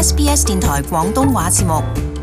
SBS 電台廣東話節目。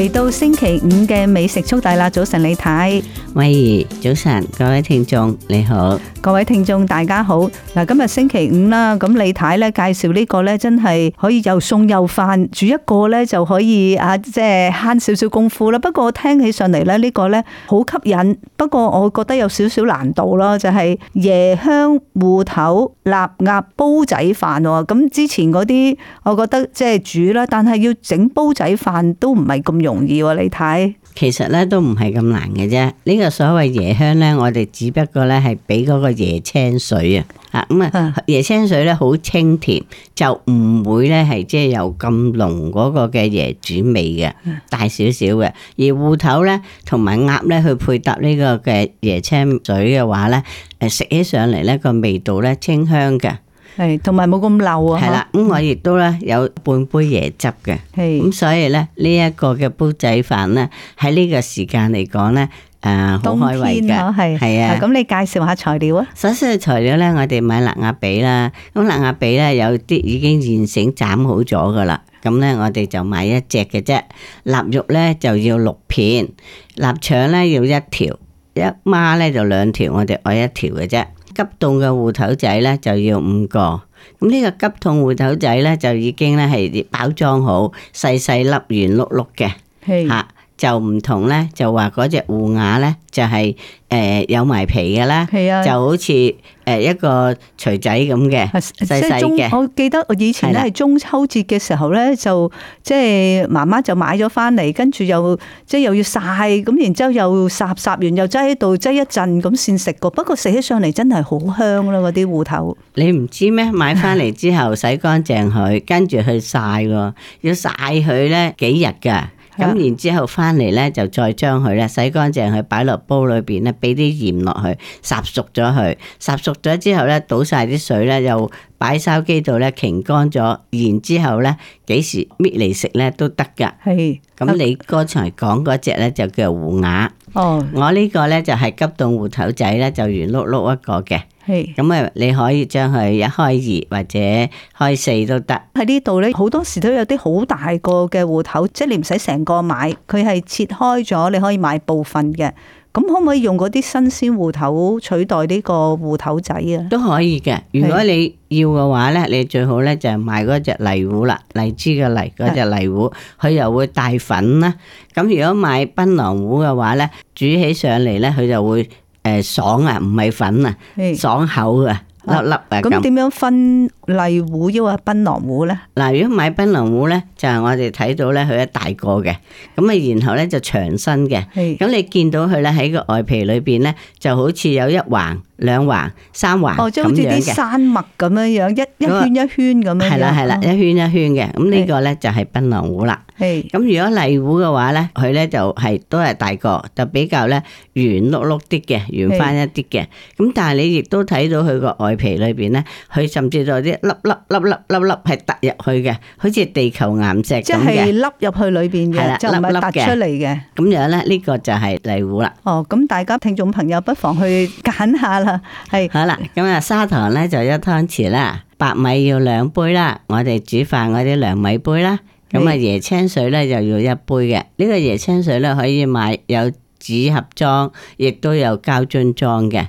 嚟到星期五嘅美食速遞啦！早晨李太，喂，早晨各位聽眾你好，各位聽眾大家好。嗱，今日星期五啦，咁李太咧介紹呢個咧，真係可以又餸又飯煮一個咧就可以啊，即係慳少少功夫啦。不過我聽起上嚟咧，呢個咧好吸引，不過我覺得有少少難度咯，就係椰香芋頭臘鴨煲仔飯。咁之前啲，我覺得即係煮啦，但係要整煲仔飯都唔係咁容易。容易喎，你睇其實咧都唔係咁難嘅啫。呢個所謂椰香咧，我哋只不過咧係俾嗰個椰青水啊。啊，咁啊椰青水咧好清甜，就唔會咧係即係有咁濃嗰個嘅椰子味嘅，大少少嘅。而芋頭咧同埋鴨咧去配搭呢個嘅椰青水嘅話咧，誒食起上嚟咧個味道咧清香嘅。係，同埋冇咁漏啊！係啦，咁我亦都咧有半杯椰汁嘅，咁所以咧呢一個嘅煲仔飯咧喺呢個時間嚟講咧，誒好開胃嘅。係係啊！咁你介紹下材料啊？首先嘅材料咧，我哋買臘鴨髀啦，咁臘鴨髀咧有啲已經現成斬好咗噶啦，咁咧我哋就買一隻嘅啫。臘肉咧就要六片，臘腸咧要一條，一孖咧就兩條，我哋愛一條嘅啫。急凍嘅芋頭仔咧就要五個，咁呢個急凍芋頭仔咧就已經咧係包裝好，細細粒圓碌碌嘅，吓。的就唔同咧，就話嗰隻芋瓦咧，就是，就係誒有埋皮嘅啦，的就好似誒一個錘仔咁嘅，細細嘅。小小的我記得我以前咧係中秋節嘅時候咧，的就即係媽媽就買咗翻嚟，跟住又即係又要曬，咁然之後又烚烚完又擠喺度擠一陣咁先食過。不過食起上嚟真係好香囉，嗰啲芋頭。你唔知咩？買翻嚟之後洗乾淨佢，跟住去曬，要曬佢咧幾日㗎。咁然之後翻嚟咧，就再將佢咧洗乾淨，佢擺落煲裏邊咧，俾啲鹽落去，烚熟咗佢。烚熟咗之後咧，倒晒啲水咧，又擺喺收機度咧，擎乾咗。然之後咧，幾時搣嚟食咧都得㗎。係。咁你剛才講嗰隻咧就叫芋鴨。哦。我呢個咧就係急凍芋頭仔咧，就圓碌碌一個嘅。咁啊，你可以將佢一開二或者開四都得。喺呢度咧，好多時都有啲好大個嘅芋頭，即係你唔使成個買，佢係切開咗，你可以買部分嘅。咁可唔可以用嗰啲新鮮芋頭取代呢個芋頭仔啊？都可以嘅，如果你要嘅話咧，是你最好咧就係買嗰隻荔芋啦，荔枝嘅荔嗰隻荔芋，佢是又會帶粉啦。咁如果買檳榔芋嘅話咧，煮起上嚟咧，佢就會。誒，爽啊，唔係粉啊，是爽口啊，粒粒啊，啊、咁點樣分？荔芋抑或檳榔芋咧？嗱，如果買檳榔芋咧，就係我哋睇到咧，佢一大個嘅，咁啊，然後咧就長身嘅。咁你見到佢咧喺個外皮裏邊咧，就好似有一橫、兩橫、三橫咁樣嘅。哦，即係好似啲山脈咁樣樣，一一圈一圈咁樣。係啦，係啦，一圈一圈嘅。咁呢個咧就係檳榔芋啦。係。咁如果荔芋嘅話咧，佢咧就係都係大個，就比較咧圓碌碌啲嘅，圓翻一啲嘅。咁但係你亦都睇到佢個外皮裏邊咧，佢甚至有啲。粒粒粒粒粒粒係突入去嘅，好似地球岩石咁嘅。即係粒入去裏邊嘅，就唔係突出嚟嘅。咁樣咧，呢個就係泥糊啦。哦，咁大家聽眾朋友不妨去揀下啦。係好啦，咁啊砂糖咧就一湯匙啦，白米要兩杯啦，我哋煮飯嗰啲涼米杯啦。咁啊椰青水咧就要一杯嘅，呢個椰青水咧可以買有紙盒裝，亦都有膠樽裝嘅。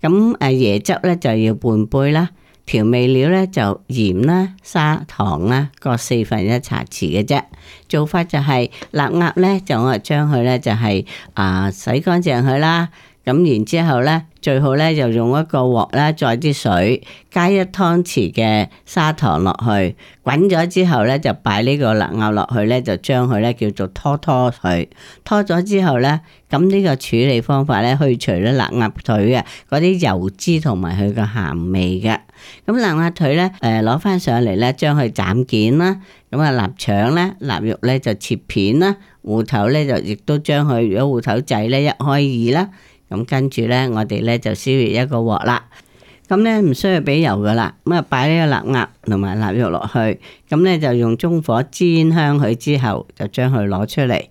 咁誒椰汁咧就要半杯啦。調味料呢就鹽啦、砂糖啦，各四分一茶匙嘅啫。做法就係臘鴨呢，就我將佢呢就係、是、啊洗乾淨佢啦。咁然之後咧，最好咧就用一個鑊咧，再啲水，加一湯匙嘅砂糖落去，滾咗之後咧，就擺呢個臘鴨落去咧，就將佢咧叫做拖拖佢，拖咗之後咧，咁、這、呢個處理方法咧，去除咗臘鴨腿啊嗰啲油脂同埋佢嘅鹹味嘅。咁臘鴨腿咧，誒攞翻上嚟咧，將佢斬件啦，咁啊臘腸咧，臘肉咧就切片啦，芋頭咧就亦都將佢如果芋頭仔咧一開二啦。咁跟住呢，我哋呢就燒熱一個鑊啦。咁呢唔需要俾油噶啦。咁啊，擺呢個臘鴨同埋臘肉落去。咁呢就用中火煎香佢之後，就將佢攞出嚟。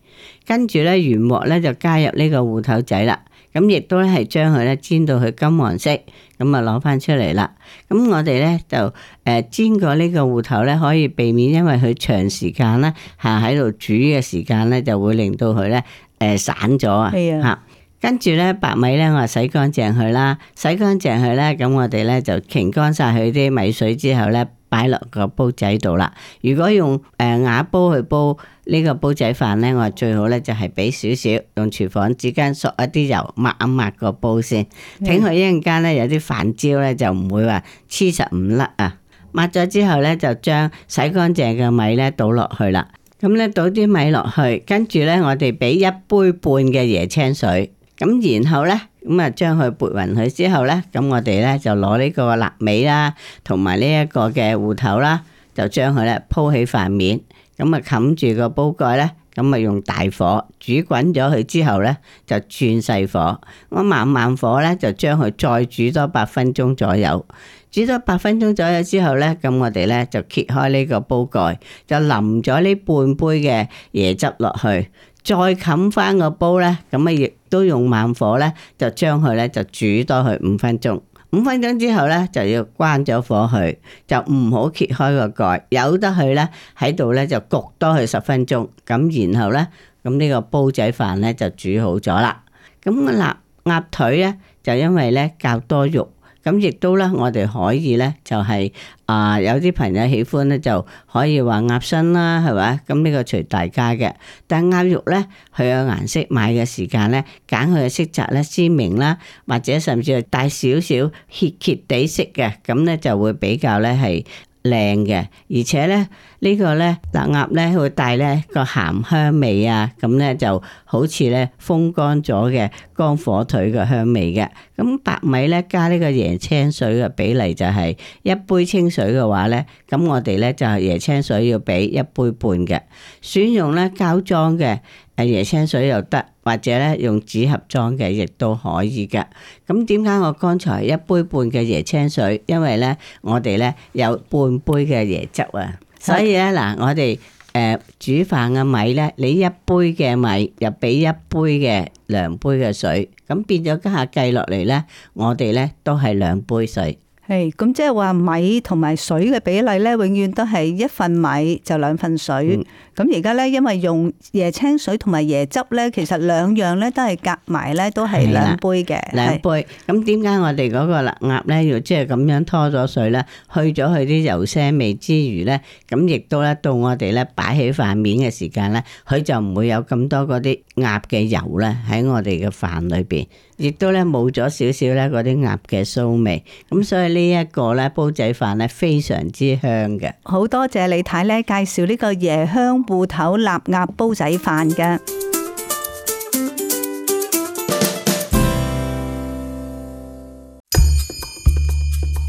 跟住呢，原鑊呢就加入呢個芋頭仔啦。咁亦都呢係將佢呢煎到佢金黃色。咁啊，攞翻出嚟啦。咁我哋呢就誒煎過呢個芋頭呢，可以避免因為佢長時間呢吓喺度煮嘅時間呢，就會令到佢呢誒散咗啊吓。跟住咧，白米咧，我就洗乾淨佢啦，洗乾淨佢咧，咁我哋咧就擎乾晒佢啲米水之後咧，擺落個煲仔度啦。如果用誒瓦煲去煲呢個煲仔飯咧，我最好咧就係俾少少用廚房紙巾索一啲油抹一抹個煲先，整佢、嗯、一陣間咧有啲飯焦咧就唔會話黐實五粒啊。抹咗之後咧，就將洗乾淨嘅米咧倒落去啦。咁咧倒啲米落去，跟住咧我哋俾一杯半嘅椰青水。咁然後呢，咁啊將佢撥勻佢之後呢，咁我哋呢就攞呢個臘味啦，同埋呢一個嘅芋頭啦，就將佢呢鋪起塊面，咁啊冚住個煲蓋呢，咁啊用大火煮滾咗佢之後呢，就轉細火，我慢慢火呢，就將佢再煮多八分鐘左右，煮多八分鐘左右之後呢，咁我哋呢就揭開呢個煲蓋，就淋咗呢半杯嘅椰汁落去。再冚翻個煲呢，咁啊亦都用慢火呢，就將佢呢就煮多佢五分鐘。五分鐘之後呢，就要關咗火去，就唔好揭開個蓋，由得佢呢喺度呢就焗多佢十分鐘。咁然後呢，咁呢個煲仔飯呢就煮好咗啦。咁個臘鴨腿呢，就因為呢較多肉。咁亦都咧，我哋可以咧、就係，就係啊，有啲朋友喜歡咧，就可以話鴨身啦，係咪？咁、呢、呢個隨大家嘅。但鴨肉咧，佢嘅顏色，買嘅時間咧，揀佢嘅色澤咧鮮明啦，或者甚至係帶少少血血地色嘅，咁咧就會比較咧係，靚嘅，而且咧呢個咧臘鴨咧會帶咧個鹹香味啊，咁咧就好似咧風乾咗嘅乾火腿嘅香味嘅。咁、嗯、白米咧加呢個椰青水嘅比例就係一杯清水嘅話咧，咁我哋咧就係椰青水要俾一杯半嘅。選用咧膠裝嘅誒椰青水又得。或者咧用紙盒裝嘅亦都可以㗎。咁點解我剛才一杯半嘅椰青水？因為咧我哋咧有半杯嘅椰汁啊，所以咧嗱以，我哋誒、呃、煮飯嘅米咧，你一杯嘅米又俾一杯嘅涼杯嘅水，咁變咗家下計落嚟咧，我哋咧都係兩杯水。誒，咁即係話米同埋水嘅比例咧，永遠都係一份米就兩份水。咁而家咧，因為用椰青水同埋椰汁咧，其實兩樣咧都係夾埋咧，都係兩杯嘅兩杯。咁點解我哋嗰個臘鴨咧要即係咁樣拖咗水咧，去咗佢啲油腥味之餘咧，咁亦都咧到我哋咧擺起飯面嘅時間咧，佢就唔會有咁多嗰啲鴨嘅油咧喺我哋嘅飯裏邊，亦都咧冇咗少少咧嗰啲鴨嘅騷味。咁所以咧。呢一個咧，煲仔飯咧，非常之香嘅。好多謝李太咧介紹呢個椰香芋頭臘鴨煲仔飯㗎。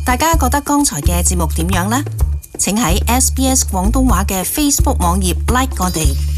大家覺得剛才嘅節目點樣呢？請喺 SBS 廣東話嘅 Facebook 網頁 like 我哋。